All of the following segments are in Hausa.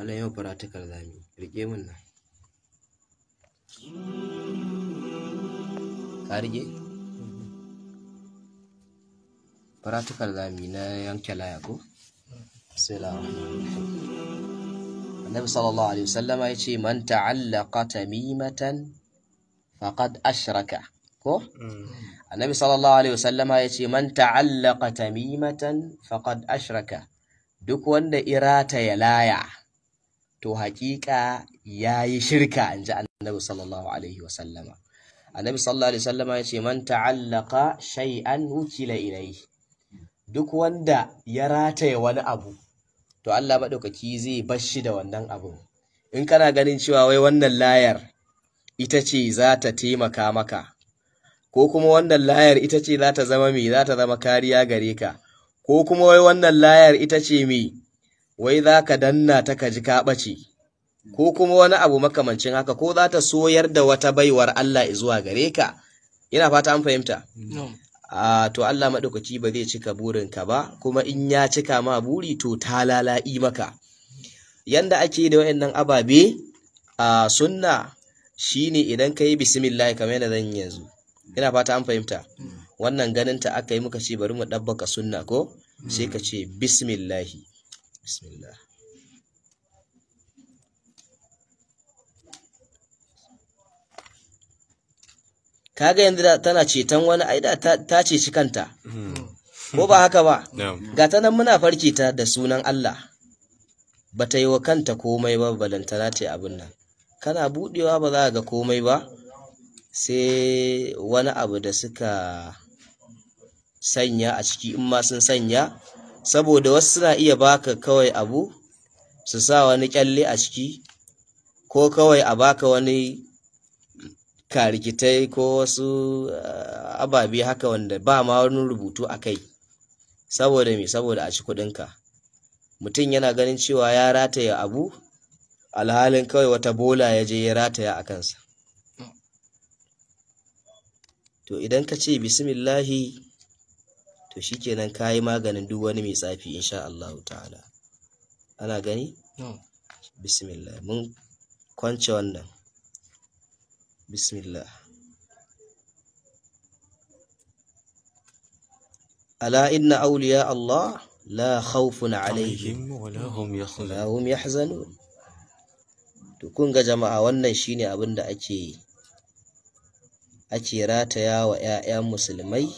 Malam yau ta za mu rike mun nan. Ka rike? ta za mu na yanke laya ko? Annabi sallallahu alaihi wasallama yace ce man ta'allaqa tamimatan faqad ashraka ko? Annabi sallallahu alaihi wasallama yace ce man ta'allaqa tamimatan faqad ashraka duk wanda irata ya laya to haƙiƙa ya yi shirka in ji annabi sallallahu alaihi wasallama annabi sallallahu alaihi wasallama ya ce man ta'allaka shay'an wukila ilayhi duk wanda ya rataye wani abu to Allah madaukaki zai bar shi da wannan abu in kana ganin cewa wai wannan layar ita ce za ta taimaka maka ko kuma wannan layar ita ce za ta zama me za ta zama kariya gare ka ko kuma wai wannan layar ita ce me wai za ka danna ta ka ji ka ɓace ko kuma wani abu makamancin haka ko za ta soyar da wata baiwar Allah zuwa gare ka ina fata an fahimta a to Allah maɗaukaki ba zai cika burinka ba kuma in ya cika ma buri to ta lala'i maka yanda ake da wayannan ababe a sunna ne idan ka yi bismillah kamar yadda zan yanzu ina fata an fahimta mm. wannan ganin ta aka yi muka ce bari mu ɗabbaka sunna ko mm. sai ka ce bismillahi الله kaga yanzu tana ceton wani ai da ta ce shi kanta hmm. ko ba haka ba ga ta nan muna farki ta da sunan Allah ba ta yi wa kanta komai ba balantana ta abin nan kana budewa ba za ga komai ba sai wani abu da suka sanya a ciki in ma sun sanya saboda wasu suna iya baka kawai abu su sa wani kyalle a ciki ko kawai a baka wani karikitai ko wasu eh, ababe haka wanda ba ma wani rubutu a kai saboda me saboda a ci kuɗinka mutum yana ganin cewa ya rataya abu alhalin kawai wata bola ya je ya rataya a kansa to idan ka ce bismillahi to shikenan ka yi maganin duk wani mai tsafi insha Allah ta'ala ana gani bismillah mun kwance wannan bismillah ala inna auliya Allah la khawfun alaihim wala hum yahzanun to kun ga jama'a wannan shine abin da ake ake rataya wa 'ya'yan musulmai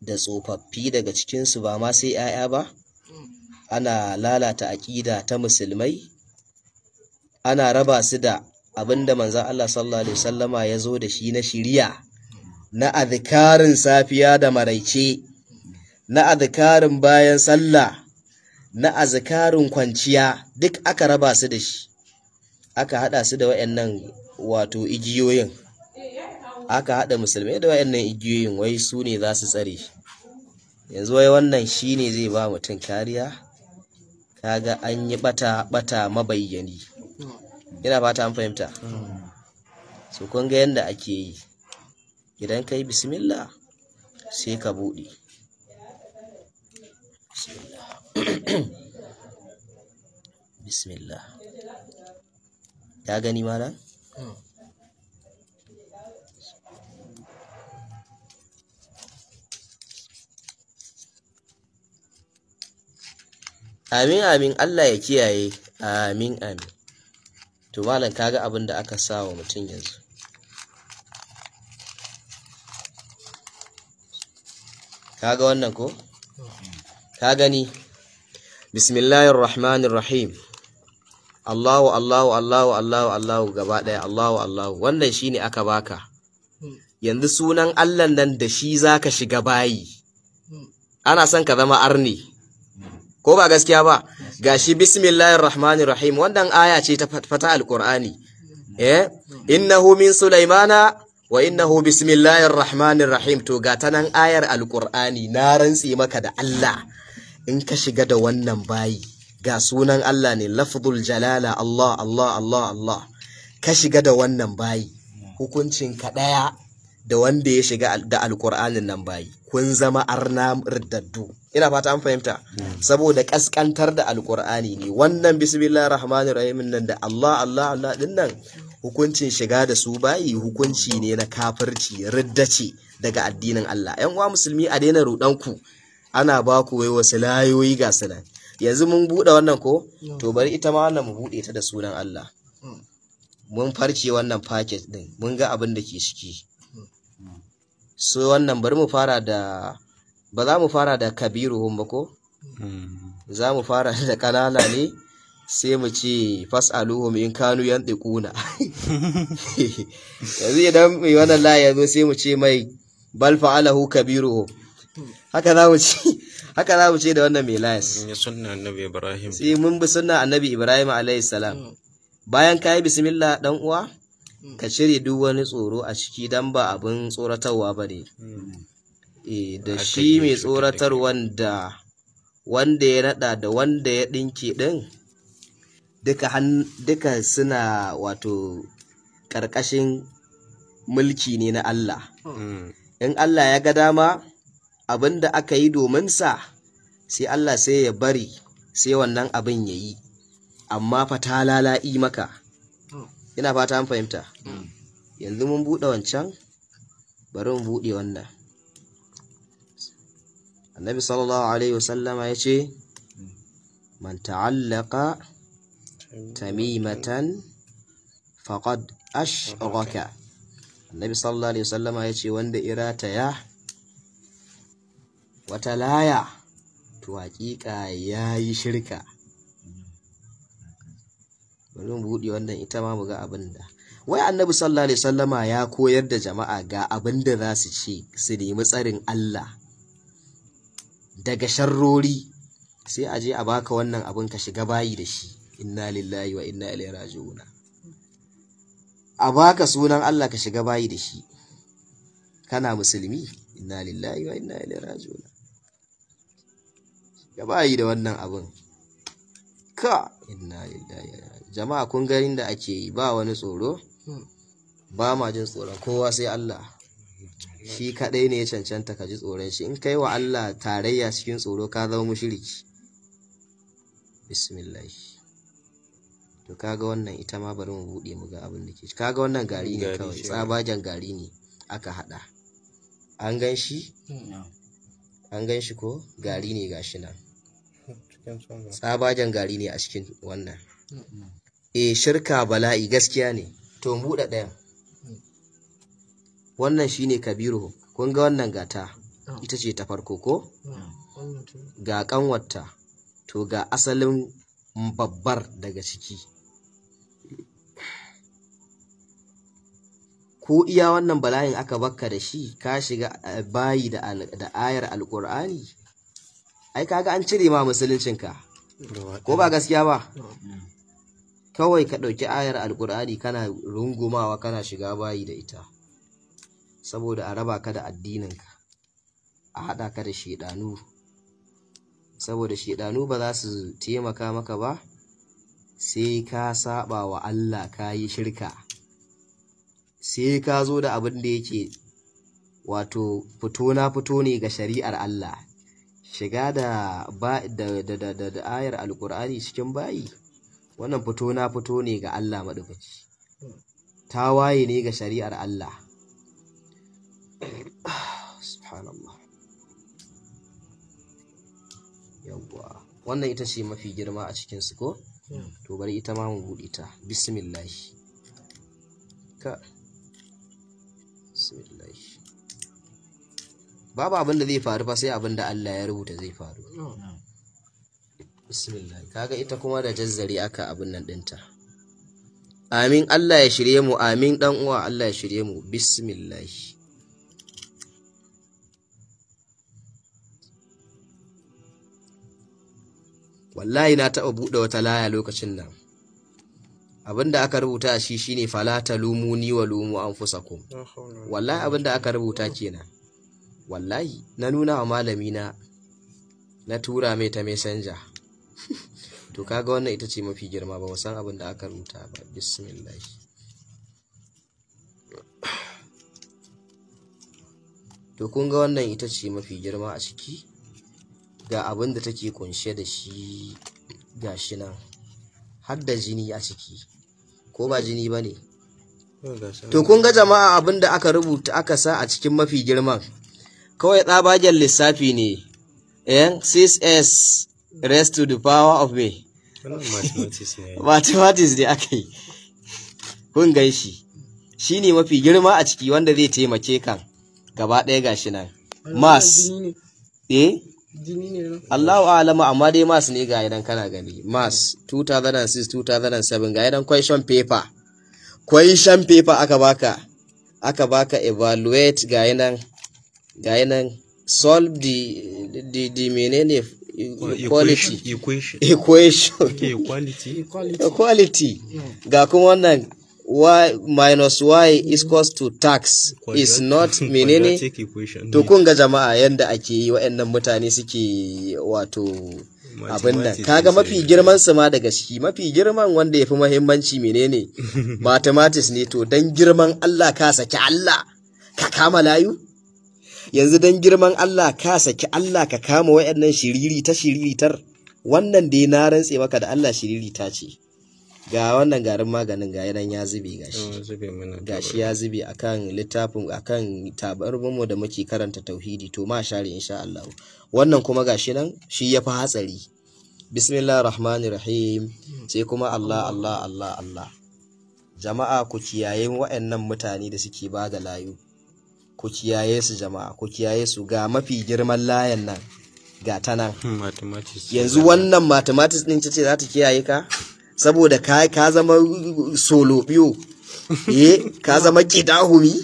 da tsofaffi daga cikinsu ba ma sai 'ya'ya ba ana lalata aƙida ta musulmai ana raba su da abin da manzan Allah sallallahu alaihi wasallama ya zo da shi na shirya na adhikarin safiya da maraice na adhikarin bayan sallah na azkarin kwanciya duk aka raba su da shi aka hada su da waɗannan wato igiyoyin aka haɗa musulmai da wayannan igiyoyin wai su ne za su tsare yanzu wai wannan shi ne zai ba mutum kariya kaga an yi bata bata mabayyani yana fata an fahimta su kun ga yadda ake yi idan ka yi bismillah sai ka buɗe bismillah ya gani malam hmm. amin amin Allah ya kiyaye amin amin to malam kaga abin da aka sa wa mutum yanzu kaga wannan ko ka gani bismillahir rahmanir rahim Allahu Allahu Allahu Allahu Allahu gaba daya Allahu Allahu wannan shine aka baka yanzu sunan Allah nan da shi zaka shiga bayi ana son ka zama arni ko ba gaskiya ba gashi bismillahir rahmanir rahim wannan aya ce ta fata alqur'ani eh innahu min sulaimana wa innahu bismillahir rahmanir rahim to ga nan ayar alqur'ani na rantsi maka da Allah in ka shiga da wannan bayi ga sunan Allah ne lafzul jalala Allah Allah Allah Allah ka shiga da wannan bayi hukuncin ka daya da wanda ya shiga da alqur'anin nan bayi kun zama arna riddaddu ina fata an fahimta saboda kaskantar da alkur'ani ne wannan bismillah rahmanir rahim nan da Allah Allah Allah din nan hukuncin shiga da su bayi hukunci ne na kafirci ridda daga addinin Allah yan uwa musulmi a daina rudan ku ana ba ku wai wasu layoyi ga sunan yanzu mun bude wannan ko to bari ita ma wannan mu bude ta da sunan Allah mun farce wannan packet din mun ga abin da ke ciki so wannan bari mu fara da ba za mu fara da kabiruhun ba ko hmm. za mu fara da kanana ne sai mu ce fas'aluhum in kanu yantiquna yanzu idan mai wannan la ya zo sai mu ce mai bal fa'alahu kabiruhum haka za mu ce haka za mu ce da wannan mai layas sunna annabi ibrahim sai mun bi sunna annabi ibrahim alayhi salam hmm. bayan kai bismillah dan uwa hmm. ka cire duk wani tsoro a ciki dan ba abin tsoratarwa bane Eh, da shi mai tsoratar wanda wanda ya nada da wanda ya dinke din duka suna wato karkashin mulki ne na Allah hmm. in Allah ya ga dama abin da aka yi domin sa sai Allah sai ya bari sai wannan abin ya yi amma fa ta lala'i maka hmm. ina fata an fahimta hmm. yanzu mun buɗe wancan bari mu buɗe wannan annabi sallallahu alaihi wasallama ya ce man ta'allaka tamimatan faqad ashraka annabi sallallahu alaihi wasallama ya ce wanda irata ya wata laya to hakika ya yi shirka bari mu buɗe wanda ita ma buga wai annabi sallallahu alaihi wasallama ya koyar da jama'a ga abin da za su ce su nemi tsarin Allah daga sharrori sai a je a baka wannan abin ka shiga bayi da shi inna lillahi wa inna ilaihi raji'un a baka sunan Allah ka shiga bayi da shi kana musulmi inna lillahi wa inna ilaihi raji'un ga bayi da wannan abin ka inna lillahi jama'a kun garin da ake yi ba wani tsoro hmm. ba ma jin tsoron kowa sai Allah shi kadai ne ya cancanta ka ji tsoron shi in kai wa Allah tarayya cikin tsoro ka zama mushriki bismillah to kaga wannan ita ma bari mu bude mu ga abin da ke kaga wannan gari ne kawai tsabajan gari ne aka hada an gan shi hmm. an gan shi ko gari ne gashi nan tsabajan gari ne a cikin wannan e shirka bala'i gaskiya ne to mu buɗe ɗayan wannan shine kabiru kun ga wannan gata ah. ita ce ta farko ko ah, ga kanwarta to ga asalin babbar daga ciki ko iya wannan bala'in aka bakka da shi ka shiga eh, bayi da, ayar alkur'ani ai kaga an cire ma musuluncinka ko ba gaskiya ba ah. kawai ka ɗauki ayar alkur'ani kana rungumawa kana shiga bayi da ita saboda a raba ka da addininka a haɗa ka da shiɗanu, saboda shiɗanu ba za su taimaka maka ba sai ka saba wa Allah ka yi shirka sai ka zo da abin da yake wato fito na fito ne ga shari'ar Allah shiga da ba ayar alkur'ani cikin bayi wannan fito na fito ne ga Allah Ta waye ne ga shari'ar Allah subhanallah yawwa wannan ita ce mafi girma a cikin su ko hmm. to bari ita ma mu buɗe ta bismillah ka bismillah babu abin da zai faru fa sai abin da Allah ya rubuta zai faru hmm. bismillah kaga ita kuma da jazzari aka abin nan dinta amin Allah ya shirye mu amin dan uwa Allah ya shirye mu bismillah wallahi na taɓa buɗe wata laya lokacin nan abin da aka rubuta shi shine falata lumu ni wa lumu an ku wallahi abin da aka rubuta kenan wallahi na nuna wa malami na na tura mai ta messenger to kaga wannan ita ce mafi girma ba san abin da aka rubuta ba bismillah to kun ga wannan ita ce mafi girma a ciki ga abin da take kunshe da shi ga shi nan har da jini a ciki ko ba jini ba ne to kun ga jama'a abin da aka rubuta aka sa a cikin mafi girman kawai tsabagen lissafi ne yan eh, 6s rest to the power of me mathematics ne aka yi kun gan shi shi ne mafi girma a ciki wanda zai taimake kan gaba ɗaya gashi nan mas eh Allahu alama amma dai mas ne ga idan kana gani mas 2006 2007 ga idan question paper question paper aka baka aka baka evaluate ga idan ga idan solve the the, the menene equality equation equation equality equality ga kuma wannan y minus y is equals to tax is not menene to kun jama'a yanda ake yi wa'annan mutane suke wato abin da kaga mafi girman su ma daga ciki mafi girman wanda ya fi mahimmanci menene mathematics ne to dan girman Allah ka saki Allah ka kama layu yanzu dan girman Allah ka saki Allah ka kama wa'annan shiriri ta shiriritar wannan dai na rantse maka da Allah shiriri ta ce ga wannan garin maganin ga ya zube gashi shi ya zube kan littafin a kan mu da muke karanta tauhidi to ma share insha Allah wannan kuma gashi nan shi ya fi hatsari bismillah rahman rahim sai kuma Allah Allah Allah Allah jama'a ku kiyaye wa'annan mutane da suke ba da layu ku kiyaye su jama'a ku kiyaye su ga mafi girman layan nan ga ta nan hmm, yanzu wannan mathematics din ce za ta kiyaye ka saboda ka zama biyu eh ka zama kidahumi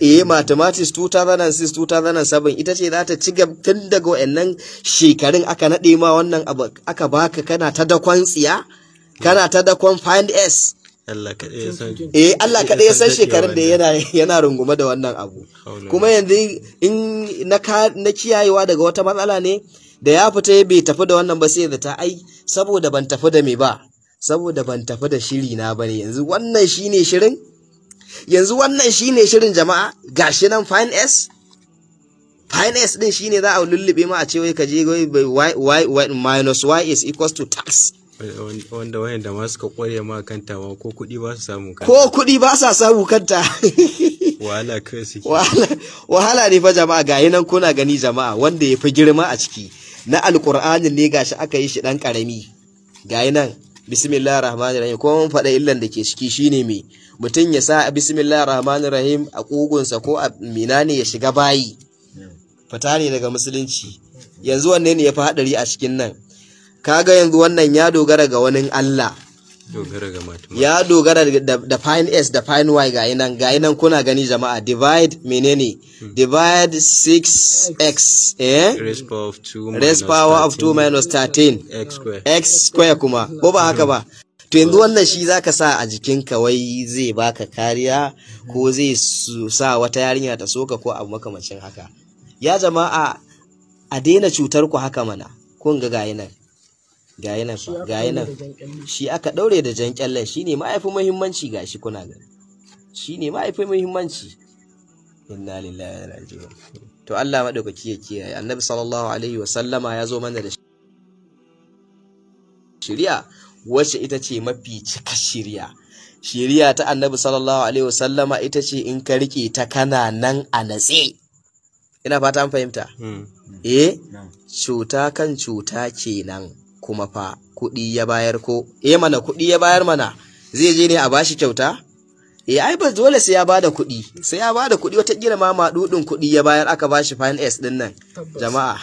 eh mathematics 2006 2007 ita ce za ta ci tun daga wayannan shekarun aka naɗe ma wannan abu aka baka kana ta dakon tsiya kana ta dakon find s Allah kaɗai ya san eh, shekarun da yana runguma da wannan abu kuma yanzu in na kiyayewa daga wata matsala ne da ya fita bai tafi da wannan ba sai da ta ai saboda ban tafi da me ba saboda ban tafi da shiri na bane yanzu wannan shine shirin yanzu wannan shine shirin jama'a gashi nan fine s fine s din shine za a lullube ma a ce wai ka je y minus y is equals to tax wanda wayan da masu ka kware ma kanta ma ko kuɗi ba su samu kanta ko kuɗi ba sa samu kanta wahala kai suke wahala ne fa jama'a ga nan kuna gani jama'a wanda ya fi girma a ciki na alƙur'anin ne gashi aka yi shi ɗan ƙarami ga nan bismillah rahmanir rahim kuma mun faɗa illan da ke ciki shine me mutum ya sa bismillah rahmanir rahim a kugunsa ko a mina ne ya shiga bayi fita ne daga musulunci yanzu wanne ne ya fi haɗari a cikin nan kaga yanzu wannan ya dogara ga wani Allah ya dogara da fine s da fine y ga nan ga nan kuna gani jama'a divide menene hmm. divide 6x eh raise power of 2 minus 13 x square kuma ko ba haka ba to yanzu wannan shi zaka sa a jikinka wai zai baka kariya ko zai sa wata yarinya ta soka ko abu makamancin haka ya jama'a a daina cutar ku haka mana kun ga ga nan ga fa? ga yanan shi aka daure da jan shi ne ma'aifin muhimmanci gashi kuna gani ne ma'aifin muhimmanci inna lillahi wa inna to Allah madaukaki ya kiyaye annabi sallallahu alaihi wa sallama ya zo mana da shiriya wacce ita ce mafi cika shiriya shiriya ta annabi sallallahu alaihi wa sallama ita ce in ka rike ta kana nan a natse ina fata an fahimta hmm. eh cuta kan cuta kenan kuma fa kuɗi ya bayar ko E' mana kuɗi ya bayar mana zai je ne a bashi kyauta E! ai ba dole sai ya bada kuɗi sai ya bada kuɗi wata kira ma madudin kuɗi ya bayar aka bashi fine s din nan jama'a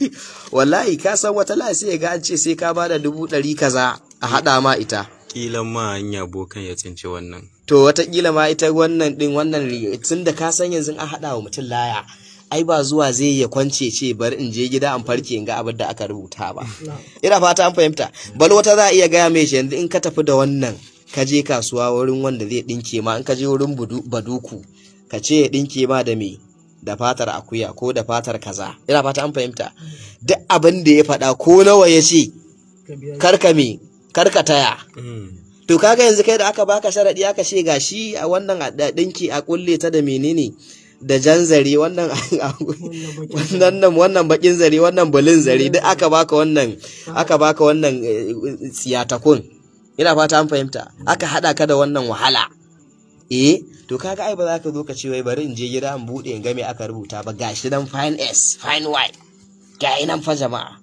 wallahi ka san wata la sai ga an ce sai ka bada dubu ɗari kaza a haɗa ma ita kila ma an yabo kan ya tsinci wannan to wata kila ma ita wannan din wannan tun da ka san yanzu an haɗa wa mutum laya ai ba zuwa zai ya kwance ce bari in je gida an farke in ga abin da aka rubuta ba ina fata an fahimta bal wata za a iya gaya mai shi yanzu in ka tafi da wannan ka je kasuwa wurin wanda zai dinke ma in ka je wurin baduku ka ce ya dinke ma da me da fatar akuya ko da fatar kaza ina fata an fahimta duk abin da ya faɗa ko nawa ya ce karka me karka taya mm. to kaga yanzu kai da aka baka sharadi aka ce gashi a wannan dinki a kulle ta da menene da jan zari wannan wannan wannan bakin zare wannan bulin zari, duk aka baka wannan aka baka wannan tsiyatakun eh, ina fata an fahimta aka hada ka da wannan wahala eh to kaga ai ba za ka zo ka ce wai bari in je gida in bude in ga me aka rubuta ba gashi nan fine s fine y gayi nan fa jama'a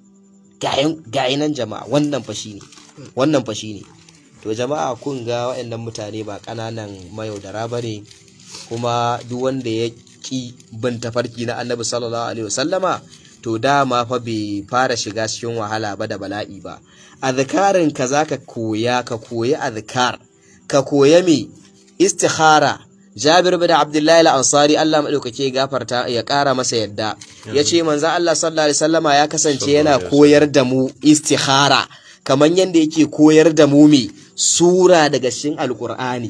gayi nan jama'a wannan fa shine wannan fa shine to jama'a kun ga waɗannan mutane ba kananan mayaudara ba ne kuma duk wanda ya tafarki bin tafarki na annabi sallallahu alaihi wasallama to dama fa bai fara shiga cikin wahala ba da bala'i ba azkarin ka zaka koya ka koyi azkar ka koya me istikhara Jabir bin Abdullahi al-Ansari Allah madaukake gafarta ya kara masa yadda yace manzo Allah sallallahu alaihi wasallama ya kasance yana koyar da mu istikhara kamar yadda yake koyar da mu me sura daga cikin alkur'ani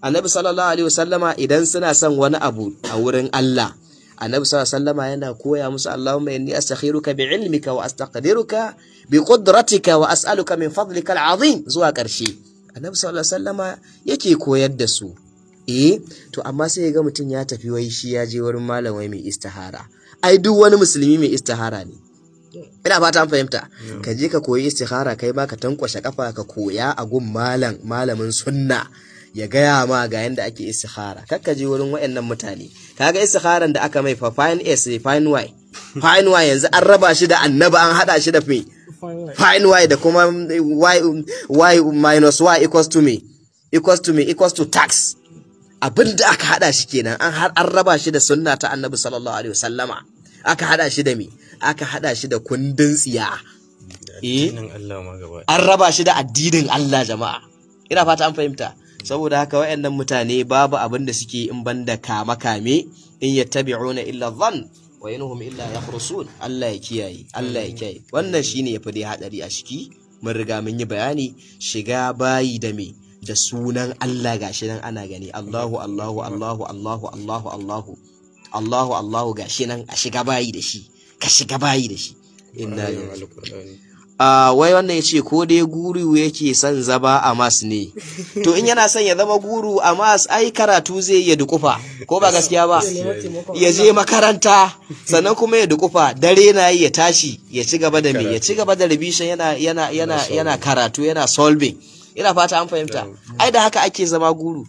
annabi sallallahu alaihi wasallama idan suna son wani abu a wurin Allah annabi sallallahu alaihi wasallama yana koya musu Allahumma inni astakhiruka bi ilmika wa astaqdiruka bi qudratika wa as'aluka min fadlika al'azim zuwa karshe annabi sallallahu alaihi wasallama yake koyar da su eh to amma sai ga mutum ya tafi wai shi ya je wurin malamai mai istihara ai duk wani musulmi mai istihara ne ina fata an fahimta ka je ka koyi istihara kai ma ka tankwashe kafa ka koya a gun malam malamin sunna ya gaya ma ga yadda ake istihara kakka je wurin wayannan mutane kaga istikharan da aka mai fa fine s fine y fine y yanzu an raba shi da annaba an hada shi da me fine y da kuma y y minus y equals to me equals to me equals to tax abin da aka hada shi kenan an har an raba shi da sunna ta annabi sallallahu alaihi wasallama aka hada shi da me aka hada shi da kundin tsiya eh an raba shi da addinin Allah jama'a ina fata an fahimta saboda haka wayannan mutane babu abin da suke in banda kama kame in tabi yattabi'una illa zan, wa inhum illa ya yakhrusun Allah ya kiyaye Allah ya kiyaye wannan shi ne ya fi dai haɗari a ciki mun riga mun yi bayani shiga bayi da me da sunan Allah ga shi nan ana gani Allahu Allahu Allahu Allahu Allahu Allahu Allahu Allahu shi nan a shiga bayi da shi ka shiga bayi da shi inna lillahi Uh, wai wannan ya ce ko dai guru yake son zaba a mas ne to in yana son ya zama guru a mas ai karatu zai ya dukufa ko ba gaskiya ba ya je makaranta sannan kuma ya dukufa dare na ya tashi ya ci gaba da me ya ci gaba da revision yana karatu yana solving ina fata an fahimta ai da haka ake zama guru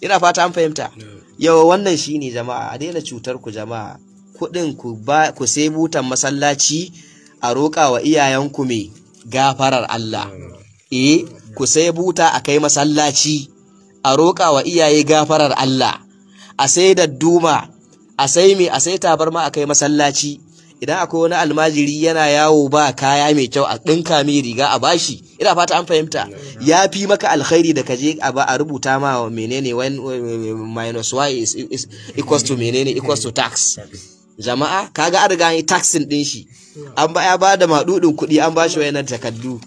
ina fata an fahimta yawa wannan shine jama'a a daina cutar ku jama'a kuɗin ku ku sai butan masallaci a roƙa wa iyayenku mai gafarar Allah eh ku sai buta a kai masallaci a roƙa wa iyaye gafarar Allah a sai da duma a sai me a sai tabarma a kai masallaci idan akwai wani almajiri yana yawo ba kaya mai kyau a ɗinka mai riga a bashi ina fata an fahimta ya fi maka alkhairi da kaje a a rubuta ma menene minus y is equals to menene equals to tax jama'a kaga an riga yi taxin din shi an ba ya bada madudin kuɗi an ba shi takardu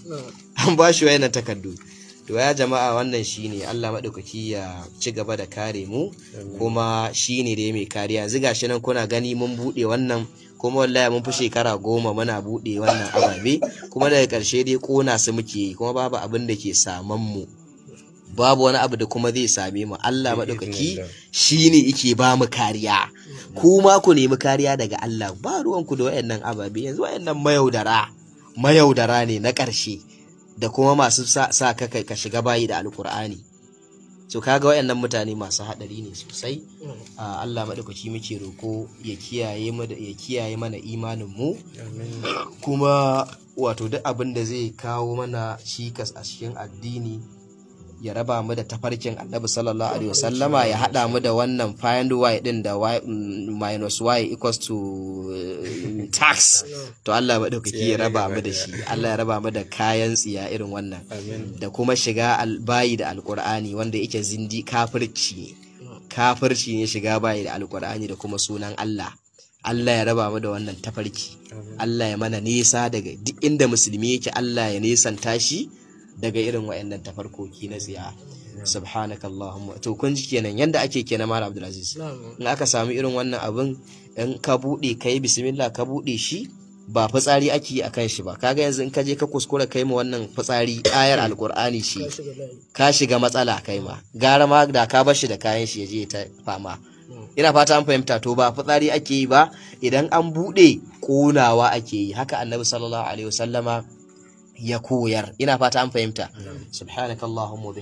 an ba shi takaddu to ya jama'a wannan shine Allah madaukaki ya ci gaba da kare mu kuma shine dai mai kariya ziga gashi nan kuna gani mun bude wannan kuma wallahi mun fi shekara goma muna bude wannan ababe kuma daga karshe dai kona su muke kuma babu abin da ke saman mu babu wani abu da kuma zai same mu Allah maɗaukaki shine yake ba mu kariya kuma ku nemi kariya daga Allah ba ruwanku da wayannan ababe yanzu wayannan mayaudara mayaudara ne na ƙarshe da kuma masu sa ka ka shiga bayi da alkur'ani so kaga wayannan mutane masu haɗari ne sosai mm. ah, Allah maɗaukaki muke roko ya kiyaye ya kiyaye mana imanin mu kuma wato duk abin da zai kawo mana cikas a cikin addini ya raba mu da tafarkin annabi sallallahu alaihi wasallama ya hada mu da wannan find y din da y mm, minus y equals to mm, tax to Allah madaukaki ya raba mu da shi Allah ya raba mu da kayan tsiya irin wannan da kuma shiga bayi da alqur'ani wanda yake zindi kafirci kafirci ne shiga bayi da alkur'ani da kuma sunan Allah Allah ya raba mu da wannan tafarki Allah ya mana nisa daga duk inda musulmi yake Allah ya nisanta shi daga irin wa'annan tafarkoki na tsiya subhanakallahumma to kun ji kenan yanda ake kenan malam abdulaziz in aka samu irin wannan abun in ka bude kai bismillah ka bude shi ba fitsari ake yi akan shi ba kaga yanzu in ka je ka kuskura kai ma wannan fitsari ayar alkur'ani shi ka shiga matsala kai ma gara ma da ka bar shi da kayan shi yaje je ta fama ina fata an fahimta to ba fitsari ake yi ba idan an bude konawa ake yi haka annabi sallallahu alaihi wasallama ya koyar ina fata an fahimta subhanakallahumma